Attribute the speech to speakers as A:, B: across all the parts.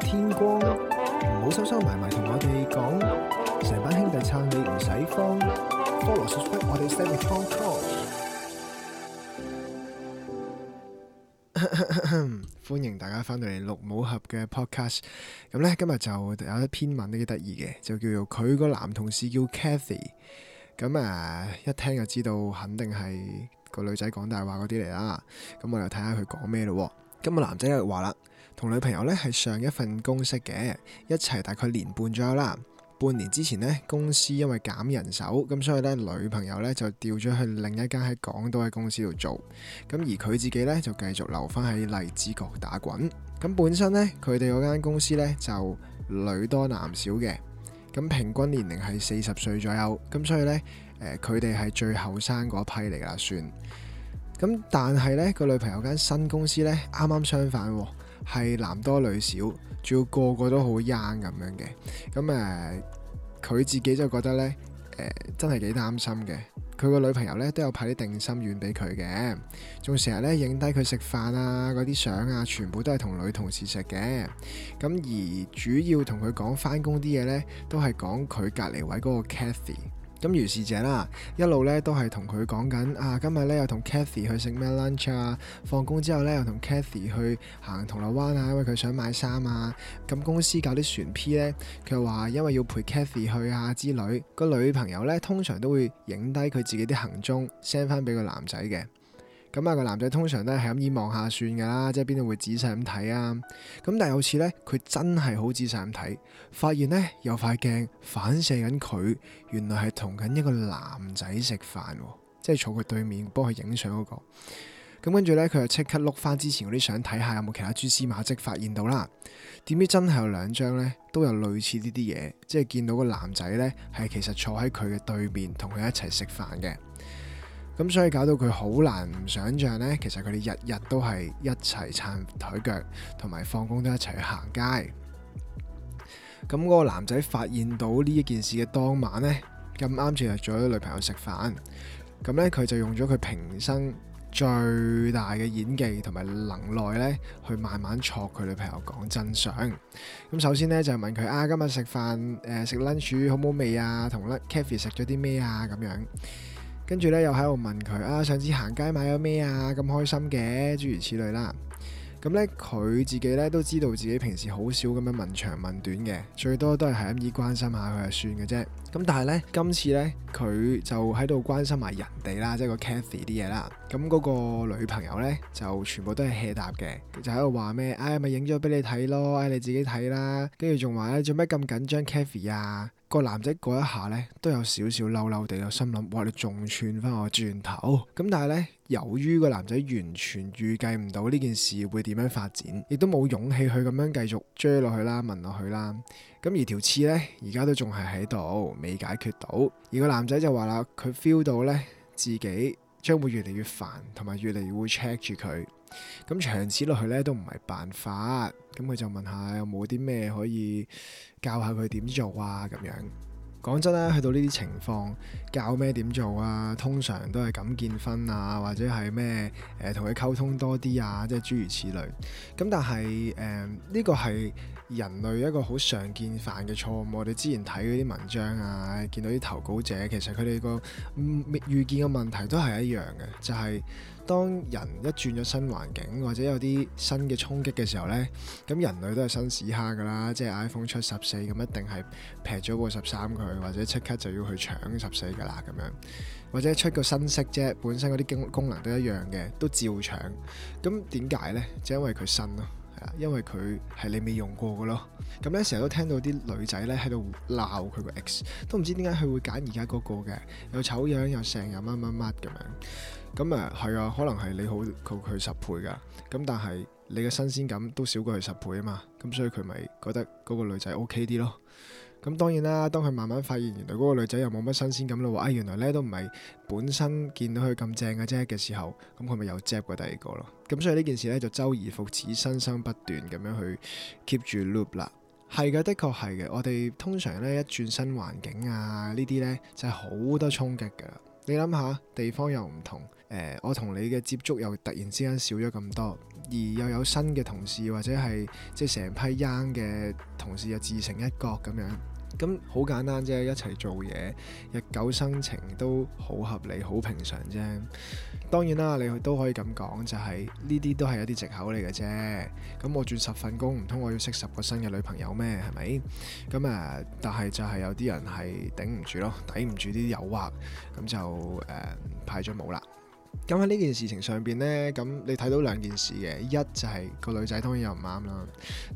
A: 天光，唔好收收埋埋同我哋講，成班兄弟撐你唔使慌。多羅叔叔，我哋西面方。歡迎大家翻到嚟綠帽俠嘅 Podcast，咁呢今日就有一篇文都幾得意嘅，就叫做佢個男同事叫 Cathy，咁啊一聽就知道肯定係個女仔講大話嗰啲嚟啦，咁我哋睇下佢講咩咯。咁個男仔又話啦。同女朋友咧係上一份工識嘅，一齊大概年半左右啦。半年之前呢，公司因為減人手，咁所以咧女朋友咧就調咗去另一間喺港島嘅公司度做。咁而佢自己咧就繼續留翻喺荔枝角打滾。咁本身咧佢哋嗰間公司咧就女多男少嘅，咁平均年齡係四十歲左右。咁所以咧，誒佢哋係最後生嗰批嚟噶啦，算咁。但係咧個女朋友間新公司咧啱啱相反啊。係男多女少，仲要個個都好 young 咁樣嘅，咁誒佢自己就覺得呢，呃，真係幾擔心嘅。佢個女朋友呢，都有派啲定心丸俾佢嘅，仲成日呢影低佢食飯啊嗰啲相啊，全部都係同女同事食嘅。咁而主要同佢講返工啲嘢呢，都係講佢隔離位嗰個 Cathy。咁如是者啦，一路咧都係同佢講緊啊，今日咧又同 Cathy 去食咩 lunch 啊，放工之後咧又同 Cathy 去行銅鑼灣啊，因為佢想買衫啊。咁公司搞啲船 P 咧，佢話因為要陪 Cathy 去啊之類。個女朋友咧通常都會影低佢自己啲行蹤 send 翻俾個男仔嘅。咁啊，個男仔通常都係咁以望下算噶啦，即係邊度會仔細咁睇啊？咁但係有次呢，佢真係好仔細咁睇，發現呢有塊鏡反射緊佢，原來係同緊一個男仔食飯，即係坐佢對面幫佢影相嗰個。咁跟住呢，佢就即刻碌翻之前嗰啲相睇下有冇其他蛛絲馬跡，發現到啦。點知真係有兩張呢，都有類似呢啲嘢，即係見到個男仔呢，係其實坐喺佢嘅對面同佢一齊食飯嘅。咁所以搞到佢好難唔想象呢。其實佢哋日日都係一齊撐檯腳，同埋放工都一齊去行街。咁嗰個男仔發現到呢一件事嘅當晚呢，咁啱就約咗女朋友食飯，咁呢，佢就用咗佢平生最大嘅演技同埋能耐呢，去慢慢戳佢女朋友講真相。咁首先呢，就問佢啊，今日食飯誒食 lunch 好唔好味啊，同咧 Cathy 食咗啲咩啊咁樣。跟住呢，又喺度問佢啊，上次行街買咗咩啊？咁開心嘅，諸如此類啦。咁呢，佢自己呢，都知道自己平時好少咁樣問長問短嘅，最多都係係咁依關心下佢就算嘅啫。咁但係呢，今次呢，佢就喺度關心埋人哋啦，即係個 Cathy 啲嘢啦。咁嗰個女朋友呢，就全部都係 hea 答嘅，就喺度話咩？唉、哎，咪影咗俾你睇咯，唉、哎，你自己睇啦。跟住仲話你做咩咁緊張 Cathy 啊？個男仔嗰一下呢，都有少少嬲嬲地，有心諗：哇！你仲串翻我轉頭？咁但係呢，由於個男仔完全預計唔到呢件事會點樣發展，亦都冇勇氣去咁樣繼續追落去啦、問落去啦。咁而條刺呢，而家都仲係喺度，未解決到。而個男仔就話啦，佢 feel 到呢，自己將會越嚟越煩，同埋越嚟越會 check 住佢。咁長此落去咧都唔係辦法，咁佢就問下有冇啲咩可以教下佢點做啊？咁樣。講真啦，去到呢啲情況，教咩點做啊？通常都係咁見分啊，或者係咩誒同佢溝通多啲啊，即係諸如此類。咁但係誒呢個係人類一個好常見犯嘅錯誤。我哋之前睇嗰啲文章啊，見到啲投稿者，其實佢哋個遇見嘅問題都係一樣嘅，就係、是、當人一轉咗新環境，或者有啲新嘅衝擊嘅時候呢，咁人類都係新屎蝦㗎啦。即係 iPhone 出十四咁，一定係撇咗個十三佢。或者即刻就要去搶十四噶啦，咁樣或者出個新色啫，本身嗰啲功能都一樣嘅，都照搶。咁點解呢？就因為佢新咯，係啊，因為佢係你未用過嘅咯。咁咧成日都聽到啲女仔咧喺度鬧佢個 X，都唔知點解佢會揀而家嗰個嘅，又醜樣又成又乜乜乜咁樣。咁啊，係啊，可能係你好過佢十倍㗎。咁但係你嘅新鮮感都少過佢十倍啊嘛。咁所以佢咪覺得嗰個女仔 OK 啲咯。咁當然啦，當佢慢慢發現原來嗰個女仔又冇乜新鮮感啦啊、哎、原來咧都唔係本身見到佢咁正嘅啫嘅時候，咁佢咪又 z a 第二個咯？咁所以呢件事咧就周而復始、新生不斷咁樣去 keep 住 loop 啦。係嘅，的確係嘅。我哋通常咧一轉新環境啊，呢啲咧就係、是、好多衝擊㗎。你諗下，地方又唔同，呃、我同你嘅接觸又突然之間少咗咁多，而又有新嘅同事或者係即成批 young 嘅同事又自成一角咁樣。咁好簡單啫，一齊做嘢，日久生情都好合理，好平常啫。當然啦，你都可以咁講，就係呢啲都係一啲藉口嚟嘅啫。咁我轉十份工，唔通我要識十個新嘅女朋友咩？係咪？咁誒，但係就係有啲人係頂唔住咯，抵唔住啲誘惑，咁就誒、嗯、派咗冇啦。咁喺呢件事情上邊呢，咁你睇到兩件事嘅，一就係個女仔當然又唔啱啦，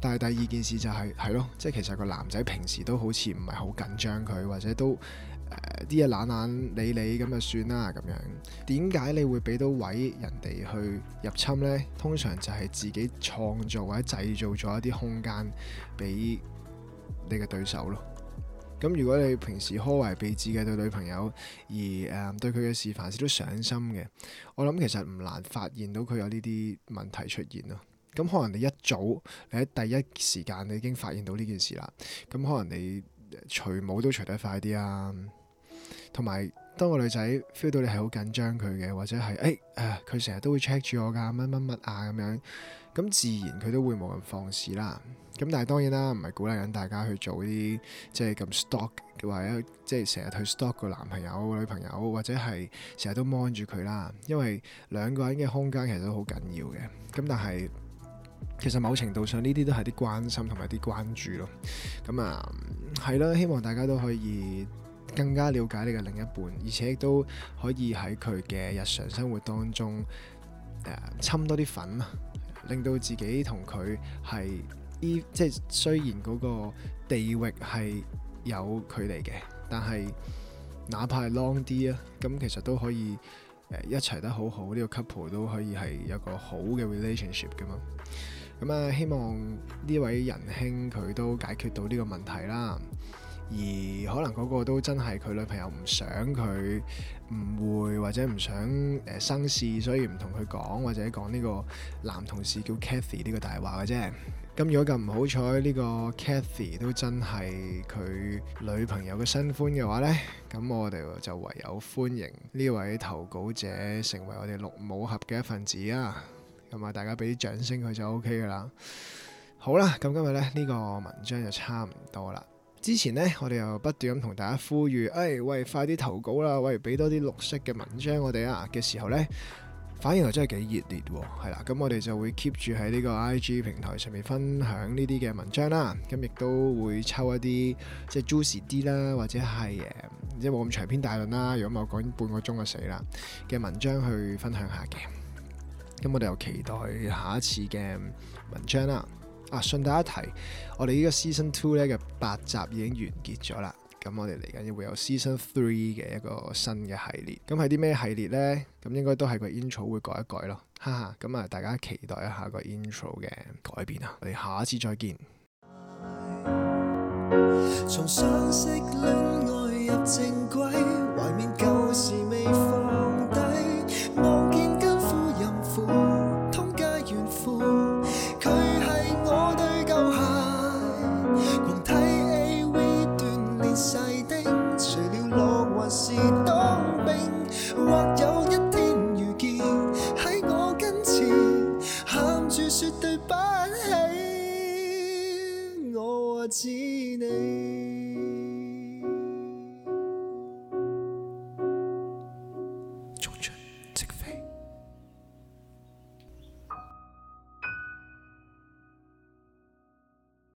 A: 但係第二件事就係係咯，即係其實個男仔平時都好似唔係好緊張佢，或者都誒啲嘢懶懶理理咁就算啦咁樣。點解你會俾到位人哋去入侵呢？通常就係自己創造或者製造咗一啲空間俾你嘅對手咯。咁如果你平時呵護備至嘅對女朋友，而誒對佢嘅事凡事都上心嘅，我諗其實唔難發現到佢有呢啲問題出現咯。咁可能你一早你喺第一時間你已經發現到呢件事啦。咁可能你除帽都除得快啲啊，同埋。當個女仔 feel 到你係好緊張佢嘅，或者係誒誒，佢成日都會 check 住我噶，乜乜乜啊咁樣，咁自然佢都會冇咁放肆啦。咁但係當然啦，唔係鼓勵緊大家去做啲即係咁 stalk 或者即係成日去 stalk 個男朋友、女朋友，或者係成日都望住佢啦。因為兩個人嘅空間其實都好緊要嘅。咁但係其實某程度上呢啲都係啲關心同埋啲關注咯。咁啊，係咯，希望大家都可以。更加了解你嘅另一半，而且都可以喺佢嘅日常生活當中誒、啊，侵多啲粉，令到自己同佢係依即係雖然嗰個地域係有距離嘅，但係哪怕係 long 啲啊，咁其實都可以誒一齊得好好呢個 couple 都可以係有一個好嘅 relationship 嘅嘛。咁啊，希望呢位仁兄佢都解決到呢個問題啦。而可能嗰個都真係佢女朋友唔想佢誤會或者唔想、呃、生事，所以唔同佢講或者講呢個男同事叫 Cathy 呢個大話嘅啫。咁如果咁唔好彩，呢個 Cathy 都真係佢女朋友嘅新歡嘅話呢，咁我哋就唯有歡迎呢位投稿者成為我哋綠武俠嘅一份子啊，同埋大家俾啲掌聲佢就 O K 噶啦。好啦，咁今日呢、呢個文章就差唔多啦。之前呢，我哋又不斷咁同大家呼籲，哎喂，快啲投稿啦！喂，俾多啲綠色嘅文章我哋呀！」嘅時候呢，反應又真係幾熱烈喎，係啦，咁我哋就會 keep 住喺呢個 IG 平台上面分享呢啲嘅文章啦，咁亦都會抽一啲即係 juicy 啲啦，或者係誒即係冇咁長篇大論啦，如果我講半個鐘就死啦嘅文章去分享下嘅，咁我哋又期待下一次嘅文章啦。啊，順帶一提，我哋呢個 Season Two 咧嘅八集已經完結咗啦，咁我哋嚟緊又會有 Season Three 嘅一個新嘅系列，咁係啲咩系列呢？咁應該都係個 Intro 會改一改咯，哈哈，咁啊大家期待一下個 Intro 嘅改變啊！我哋下一次再見。從相識戀愛我知你。